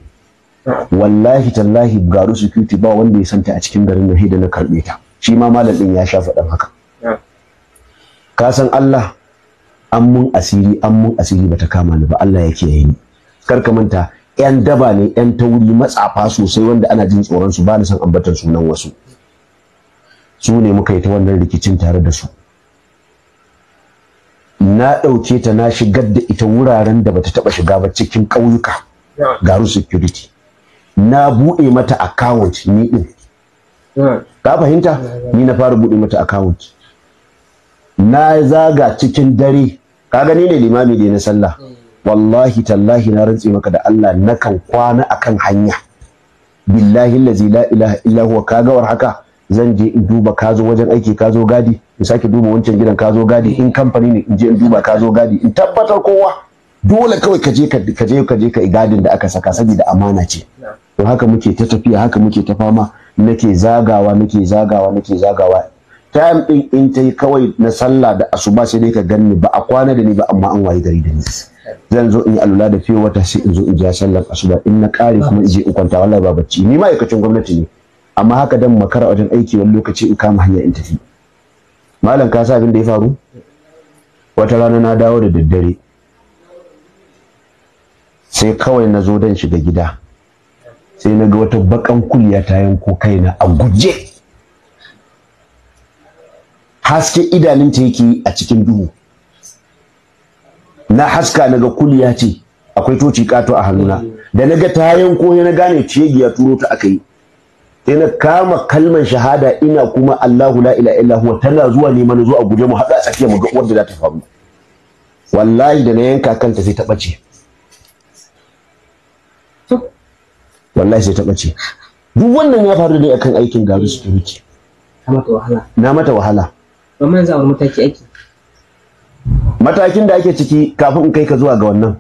wallahi tallahi garu security ba wanda ya santa a cikin garin nan da na karbe ta shi ma malam ɗin ya sha faɗin haka ka san Allah an mun asiri an mun asiri bata kama ni ba Allah yake yi ni kar ka manta yan daba ne yan tauri matsafa sosai wanda ana jin tsoron su ba ni san ambatar sunan wasu su ne muka yi ta wannan rikicin tare da su na ɗauke ta na shigar da ita wuraren da bata taɓa shiga ba cikin ƙauyuka garu security na buɗe mata account ni ɗin ka fahimta ni na fara buɗe mata account na zaga cikin dare ka gani ne limami da na sallah wallahi tallahi na rantse maka da Allah na kan kwana akan hanya billahi allazi la ilaha illa huwa kaga war haka zan je in duba ka zo wajen aiki ka zo gadi in sake duba wancan gidan ka zo gadi in kamfani ne in je in duba ka zo gadi in tabbatar kowa dole kawai ka je ka je ka je ka gadin da aka saka saboda amana ce to haka muke ta tafiya haka muke ta fama nake zagawa nake zagawa nake zagawa time din in tai kawai na sallah da asuba sai dai ka ganni ba a kwana da ni ba amma an wayi gari da ni zan zo in yi alula da fiye wata sai in zo in ja sallar asuba in na kare kuma in je in kwanta wallahi ba bacci ni ma'aikacin gwamnati ne amma haka dan makara wajen aiki wani lokaci in kama hanya in tafi malam ka sa abin da ya faru wata rana na dawo da daddare sai kawai na zo dan shiga gida sai na ga wata bakan kulya ta yanko kaina a guje haske idanunta yake a cikin duhu na haska na ga kuliya ce akwai toci kato a hannuna da na ga ta yanko na gane ciyagiya turo ta aka yi sai na kama kalman shahada ina kuma Allahu la ilaha illa huwa tana zuwa neman zuwa guje mu haɗa tsakiya mu ga wanda za ta faru wallahi da na yanka kanta sai ta ɓace wallahi sai ta ɓace duk wannan ya faru ne akan aikin garu su na na mata wahala amma yanzu mataki ake matakin da ake ciki kafin in kai ka zuwa ga wannan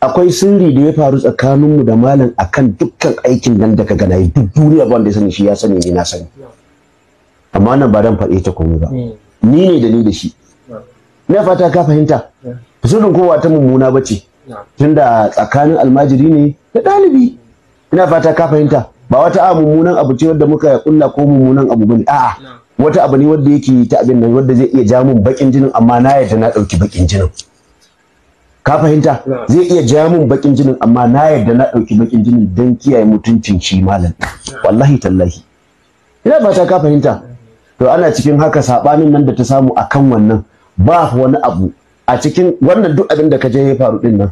akwai sirri da ya faru tsakanin mu da malam akan dukkan aikin nan da ka gana duk duniya ba wanda ya sani shi ya sani ni na sani amma nan ba dan faɗe ta komai ba mm. ni ne da ni da shi ina fata ka fahimta sirrin kowa ta mummuna bace tunda tsakanin almajiri ne da ɗalibi ina fata ka fahimta ba wata abu mummunan abu ce wadda muka kulla ko mummunan abu bane a'a wata abu ne wanda yake ta abin nan wanda zai iya ja mun bakin jinin amma na yarda na dauki bakin jinin ka fahimta zai iya ja mun bakin jinin amma na yarda na dauki bakin jinin dan kiyaye mutuncin shi malam wallahi tallahi ina fata ka fahimta to ana cikin haka sabanin nan da ta samu akan wannan ba wani abu a cikin wannan duk abin da ka je ya faru din nan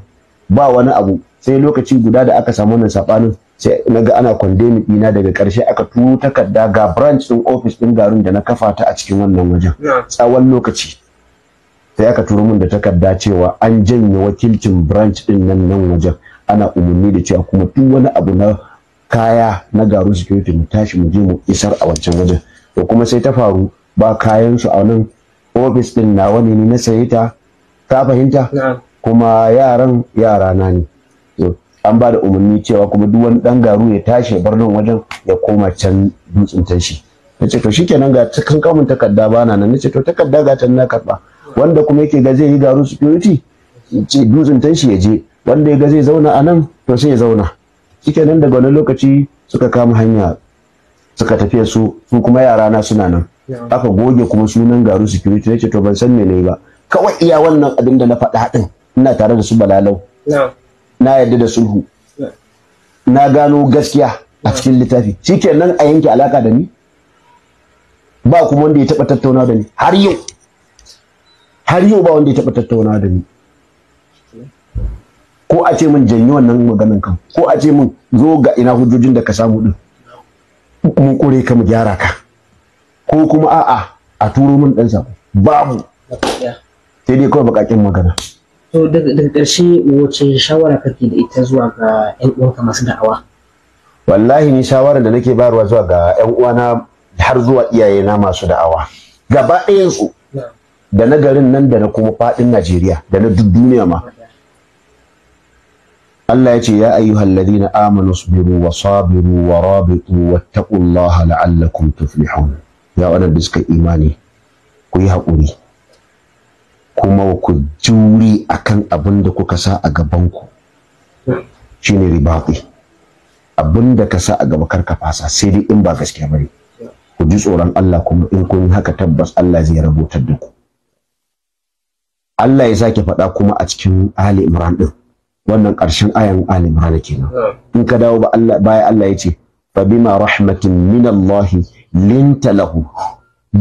ba wani abu sai lokaci guda da aka samu wannan sabanin sai na ga ana kwandemi ɗina daga ƙarshe aka turo takarda ga branch ɗin ofis ɗin garin da na kafa ta a cikin wannan wajen tsawon lokaci sai aka turo min da takarda cewa an janye wakilcin branch ɗin nan nan wajen ana umarni da cewa kuma duk wani abu na kaya na garu security mu tashi mu je mu isar a wancan wajen to kuma sai ta faru ba kayan su a nan ofis ɗin nawa ne na saye ta ka fahimta kuma yaran yara na ne an ba da umarni cewa kuma duk wani dan garu ya tashi ya wajen ya koma can dutsen tashi na ce to shikenan ga cikin kamun takarda ba na nan na ce to takarda ga can na karba wanda kuma yake ga zai yi garu security ce dutsen tashi ya je wanda ya ga zai zauna a nan to sai ya zauna shikenan daga wani lokaci suka kama hanya suka tafiya su su kuma yara na suna nan aka goge kuma sunan garu security na ce to ban san me ne ba kawai iya wannan abin da na faɗa haɗin ina tare da su balalau na yarda da sulhu na gano gaskiya a cikin littafi shikenan a yanke alaka da ni ba kuma wanda ya taba tattauna da ni har yau har yau ba wanda ya taba tattauna da ni ko a ce min janyi wannan maganin kan ko a ce min zo ga ina hujjojin da ka samu din mun kure ka mu gyara ka ko kuma a'a a turo min dan sako babu sai dai kawai bakakin magana to daga ƙarshe wace shawara kake da ita zuwa ga 'yan uwanka masu da'awa wallahi ni shawarar da nake bayarwa zuwa ga 'yan uwana har zuwa iyaye na masu da'awa gaba su da na garin nan da na kuma faɗin Najeriya da na duk duniya ma Allah ya ce ya ayyuhal ladina amanu sabiru wa sabiru wa rabitu wattaqullaha la'allakum tuflihun ya wannan da suka imani ku yi haƙuri kuma ku juri akan abin da kuka sa a gabanku shine ribaqi abin da ka sa a gaba karka fasa sai dai in ba gaskiya bane ku ji tsoron Allah kuma in kun haka tabbas Allah zai rabotar da ku Allah ya sake faɗa kuma a cikin Ali Imran din wannan ƙarshen ayan Ali Imran kenan in ka dawo ba Allah baya Allah ya ce fa bima rahmatin min Allah lintalahu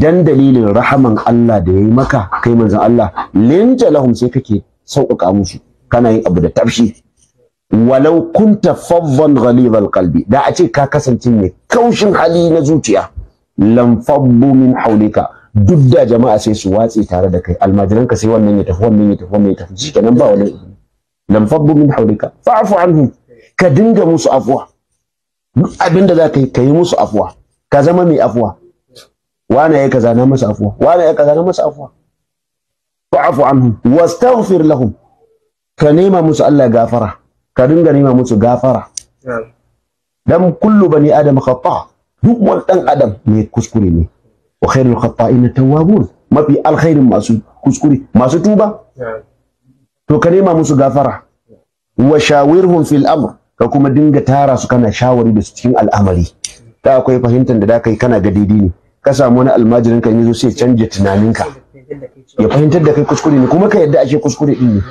dan dalilin rahaman Allah da ya yi maka kai manzon Allah linta lahum sai kake sauƙaƙa musu kana yin abu da tafshi walau kunta faddan ghalidhal qalbi da a ce ka kasance mai kaushin hali na zuciya lam fabbu min hawlika duk da jama'a sai su watse tare da kai almajiranka sai wannan ya tafi wannan ya tafi wannan ya tafi shikenan ba wani lam fabbu min hawlika fa'fu anhum ka dinga musu afuwa duk abinda za ka yi ka yi musu afuwa ka zama mai afuwa wane ya kaza na masa afuwa wane ya kaza na masa afuwa fa'fu anhum wastaghfir lahum ka nema musu Allah gafara ka dinga nema musu gafara dan kullu bani adam khata duk wani dan adam ne kuskure ne wa khairul khata'ina tawwabun mafi alkhairin masu kuskure masu tuba to ka nema musu gafara wa shawirhum fil amr ka kuma dinga tara su kana shawari da su cikin al'amari ta akwai fahimtar da da kai kana ga daidai ne ka samu wani almajirin kan yazo sai tunanin tunaninka ya fahimtar da kai kuskure ne kuma ka yadda ake kuskure din ne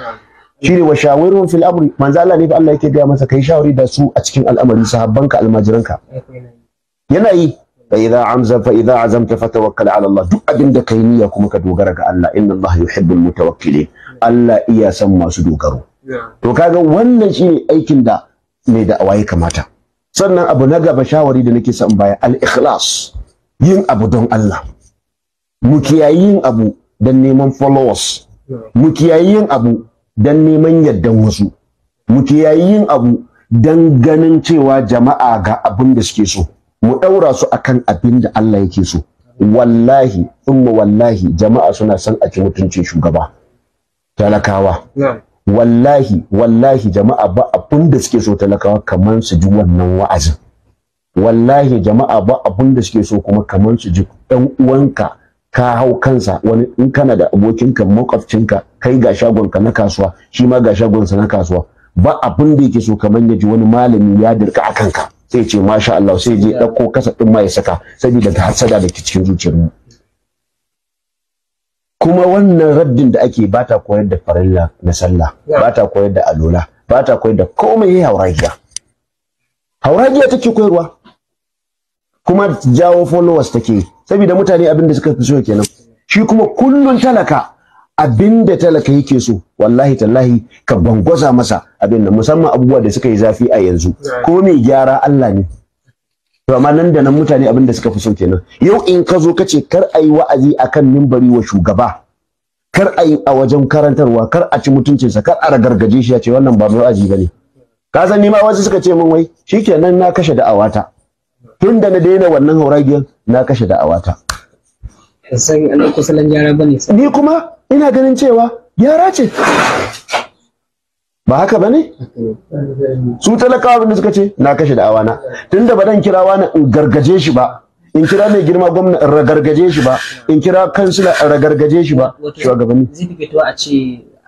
shine wa shawirun fil amri manzo Allah ne fa Allah yake gaya masa kai shawari da su a cikin al'amari sahabbanka almajiranka yana yi fa idza amza fa idza azamta tawakkal ala Allah duk abin da kai niyya kuma ka dogara ga Allah inna Allah yuhibbul mutawakkilin Allah iya san masu dogaro to kaga wannan shine aikin da mai da'awa ya kamata sannan abu na gaba shawari da nake son baya al-ikhlas yin abu don Allah mu kiyaye yin abu don neman followers mu kiyaye yin abu don neman yardan wasu mu kiyaye yin abu don ganin cewa jama'a ga abin da suke so mu ɗaura su akan abin da Allah yake so wallahi umma wallahi jama'a suna son a ci mutuncin shugaba talakawa wallahi wallahi jama'a ba abin da suke so talakawa kamar su ji wannan wa'azin wallahi jama'a ba abun da suke so kuma kamar su ji ɗan uwanka ka hau kansa wani in kana da abokinka makwabcinka kai ga shagonka na kasuwa shi ma ga shagonsa na kasuwa ba abun da yake so kamar ya ji wani malami ya dirka a kanka sai ce masha Allah sai je ɗauko kasa ɗin ma ya saka saboda ga hasada da ke cikin zuciyar mu kuma wannan raddin da ake ba ta koyar da farilla na sallah ba ta koyar da alola ba ta koyar da komai haurajiya. Haurajiya take koyarwa kuma jawo followers take saboda mutane abin da suka fi so kenan shi kuma kullun talaka abin da talaka yake so wallahi tallahi ka bangwaza masa abin da musamman abubuwa da suka yi zafi a yanzu ko mai gyara Allah ne to amma nan da nan mutane abin da suka fi so kenan yau in ka zo ka ce kar a yi wa'azi akan mimbari wa shugaba kar a yi a wajen karantarwa kar a ci mutuncinsa kar a ragargaje shi ya ce wannan ba wa'azi ba ne ka san ni ma wasu suka ce min wai shikenan na kashe da'awata tun da na daina wannan hauragiyar na kashe da'awata ni kuma ina ganin cewa gyara ce ba haka bane su talakawa da suka ce na kashe da'awana tunda ba dan kira wani in gargaje shi ba in kira mai girma gwamna in ragargaje shi ba in kira kansila in ragargaje shi ba shugabanni zai fitowa a ce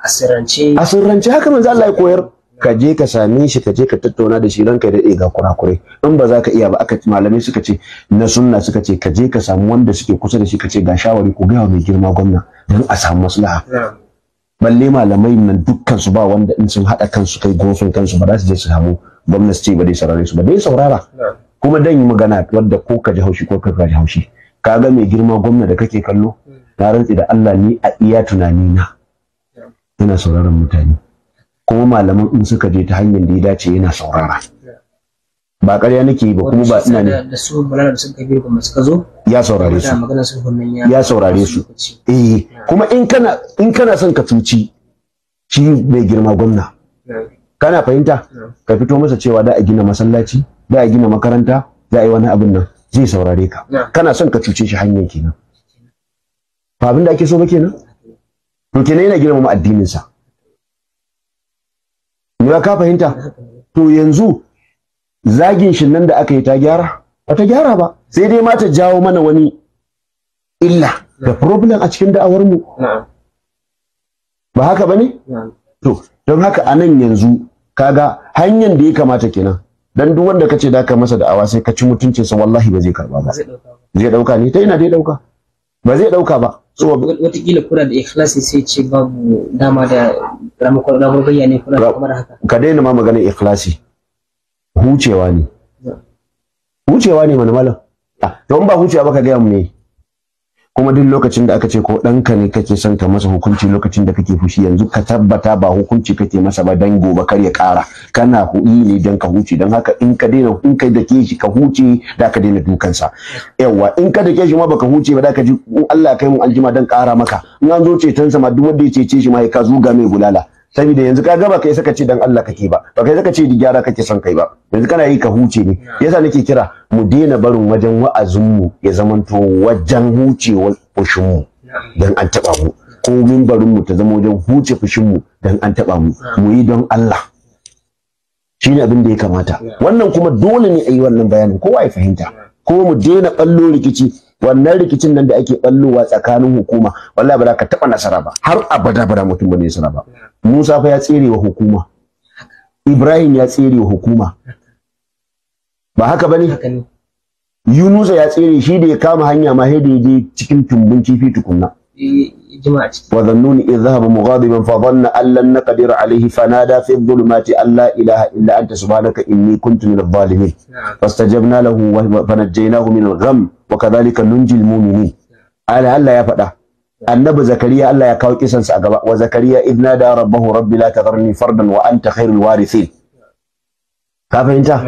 asirance asirance haka manzo Allah ya koyar ka je ka same shi ka je ka tattauna da shi ran ka daɗe ga kurakurai in ba za ka iya ba aka malamai suka ce na sunna suka ce ka je ka samu wanda suke kusa da shi ka ce ga shawari ko gaya mai girma gwamna don a samu maslaha balle malamai nan dukkan su ba wanda in sun haɗa kansu kai gofin kansu ba za su je su samu gwamnati ce ba dai saurare su ba dai saurara kuma dan yi magana wadda ko ka ji haushi ko ka ji haushi ka ga mai girma gwamna da kake kallo na rantsi da Allah ni a iya na. ina sauraron mutane kuma malaman in suka je ta hanyar da ya dace yana saurara ba ƙarya nake ba kuma ba ina ne da su da suka girba masu kazo ya saurare su ya saurare su eh kuma in kana in kana son ka tuci shi mai girma gwamna kana fahimta ka fito masa cewa da a gina masallaci da a gina makaranta za a yi wani abin nan zai saurare ka kana son ka cuce shi hanyar kenan ba abin da ake so ba kenan to kenan yana girmama addinin sa lura ka fahimta to yanzu zagin shi nan da aka yi ta gyara ba ta gyara ba sai dai ma ta jawo mana wani illa da problem a cikin da'awar mu ba haka ba ne to don haka a nan yanzu kaga hanyar da ya kamata kenan dan duk wanda kace da ka masa da'awa sai ka ci mutunci san wallahi ba zai karba ba zai dauka ne ta ina dai dauka ba zai dauka ba so watakila kura da ikhlasi sai ce babu dama da ne kuma da haka ka daina ma maganar ikhlasi hucewa ne hucewa ne mana malam ah, to in ba hucewa ba ka gaya mu ne kuma duk lokacin da aka ce ko ɗanka ne kake son ka masa hukunci lokacin da kake fushi yanzu ka tabbata ba hukunci kake masa ba dan gobe kar ya ƙara kana huɗi ne dan ka huce dan haka in ka daina in ka dake shi ka huce da ka daina dukansa yawa in ka dake shi ma baka huce ba da ka ji Allah ya kai mu aljima dan ƙara maka in an zo ceton sa ma duk wanda ya cece shi ma ya ka zuga mai bulala saboda yanzu ka gaba kai saka ce dan Allah kake ba ba kai saka ce di gyara kake son kai ba yanzu kana yi ka huce ne yasa nake kira mu daina barin wajen wa'azin mu ya zamanto wajen hucewar fushin mu dan an taba mu ko mimbarin mu ta zama wajen huce fushin mu dan an taba mu mu yi don Allah shine abin da ya kamata wannan kuma dole ne a yi wannan bayanin kowa ya fahimta ko mu daina ballo rikici wannan rikicin nan da ake ballowa tsakanin hukuma wallahi ba za ka taba nasara ba har abada ba mutum ba ne nasara ba Musa fa ya tsere wa hukuma Ibrahim ya tsere wa hukuma ba haka bane Yunusa ya tsere shi da ya kama hanya ma sai da ya je cikin tumbun kifi tukunna eh, wa zannuni idh dhahaba mughadiban fa dhanna an lan naqdir alayhi nada fi dhulumati an la ilaha illa anta subhanaka inni kuntu minadh dhalimin fastajabna lahu wa fanajjaynahu min al-gham wa kadhalika nunjil mu'minin Allah ya faɗa annabi zakariya Allah ya kawo kisansa a gaba wa zakariya idna da rabbahu rabbi la tadharni fardan wa anta khairul warithin ka fahimta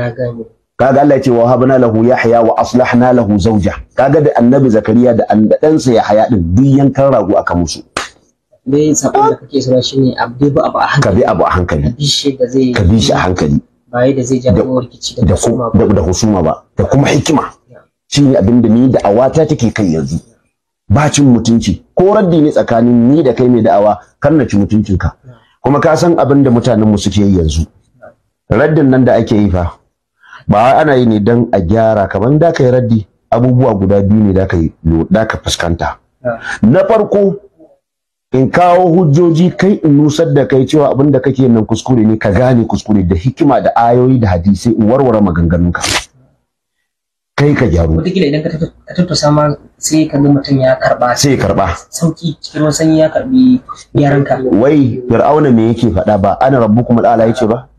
kaga Allah ya ce wa habna lahu yahya wa aslahna lahu zawja kaga da annabi zakariya da annadansa yahya din duk yankan rago aka musu dai sabon da kake so shine abdi ba abu a hankali ka bi abu a hankali ka bi shi a hankali ba da zai jawo rikici da husuma ba da kuma hikima shine abin da ni da awata take kai yanzu bacin mutunci ko raddi ne tsakanin ni da kai mai da'awa kar na ci mutuncinka kuma ka san abin da mutanenmu suke yi yanzu raddin nan da ake yi fa ba ana yi ne don a gyara kamar da ka yi raddi abubuwa guda biyu ne da ka fuskanta na farko in kawo hujjoji kai in nusar da kai cewa abin da kake nan kuskure ne ka gane kuskure da hikima da ayoyi da hadisai in warware maganganunka kai ka gyaru idan ka tattasa ma sai ka bi mutum ya karba sai karba sauki cikin sanyi ya karbi yaranka wai fir'auna me yake faɗa ba ana rabbukum al'ala yace ba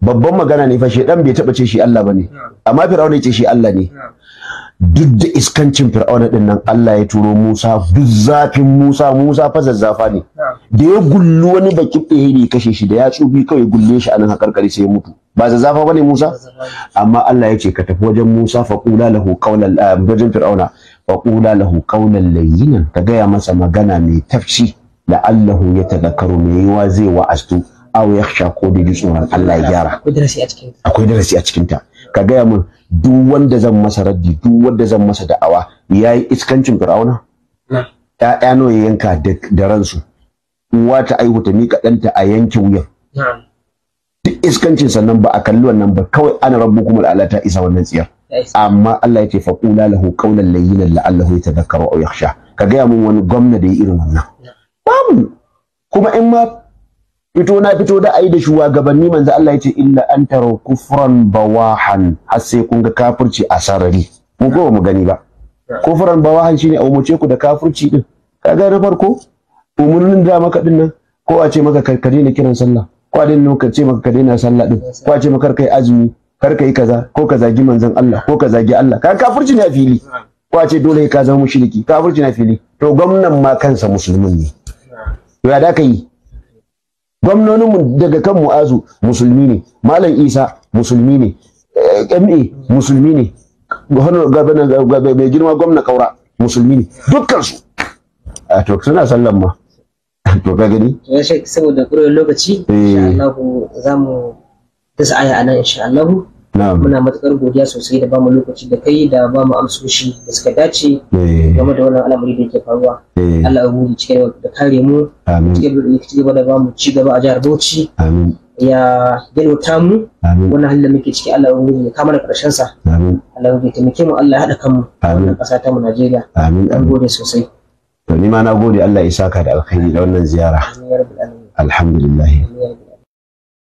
babban magana ne fa dan bai taba ce shi Allah bane amma fir'auna yace shi Allah ne duk da iskancin fir'auna din nan Allah ya turo Musa duk zafin Musa Musa fa zazzafa ne da ya gullu wani bakin ɗaya ne kashe shi da ya tsubi kawai gulle shi a nan hakarkari sai ya mutu ba zazzafa bane Musa amma Allah yace ka tafi wajen Musa fa qula lahu qawlan eh, wajen fir'auna faƙula lahu qawlan layyinan ka gaya masa magana mai ya la'allahu yatadhakkaru mai yiwa zai wa'astu aw sha ko da ji tsoron Allah ya gyara akwai darasi a cikin ta ka gaya mun duk wanda zan masa raddi duk wanda zan masa da'awa yayi iskancin fir'auna ya'ya nawa ya yanka da ransu uwa ta aihu ta mika ɗanta a yanke wuyan duk iskancin sannan ba a kalli wannan ba kawai ana rabbukumul ala ta isa wannan tsiyar amma Allah ya ce fa qula lahu qawlan layyinan la'allahu yatadhakkaru aw yakhsha ka gaya mun wani gwamna da ya irin wannan babu kuma in ma fito na fito da ayi da shugabanni manzo Allah ya ce illa an taro kufran bawahan har sai kun ga kafirci a sarari mu ko mu gani ba kufran bawahan shine a umarce ku da kafirci din kaga na farko umurnin da maka din nan ko a ce maka karkare na kiran sallah ko a daina ka ce maka ka daina sallah din ko a ce maka kai azumi kar ka yi kaza ko ka zagi manzon Allah ko ka zagi Allah ka kafirci na fili ko a ce dole ka zama mushriki kafirci na fili to gwamnan ma kansa musulmin ne to ya da ka yi gwamnoninmu daga kan mu'azu musulmi ne malam isa musulmi ne eh, ma musulmi ne mai girma gwamna kaura musulmi ne dukkansu a to suna sallan ma to ka gani eh, saboda kurewar lokaci eh. insha Allah za mu dasa aya a nan insha Allah muna matukar godiya sosai da ba mu lokaci da kai da ba mu amsoshi da suka dace eh. game da wannan al'amari da yake faruwa eh. Allah ya gudu cikin da kare mu cikin da mu ci gaba a jihar Bauchi ya yalwata mu wannan halin da muke ciki Allah ya kama da karshen sa Allah ya taimake mu Allah ya hada kanmu a wannan kasa ta mu Najeriya amin an gode sosai to ni ma na gode Allah ya saka da alkhairi da wannan ziyara alhamdulillah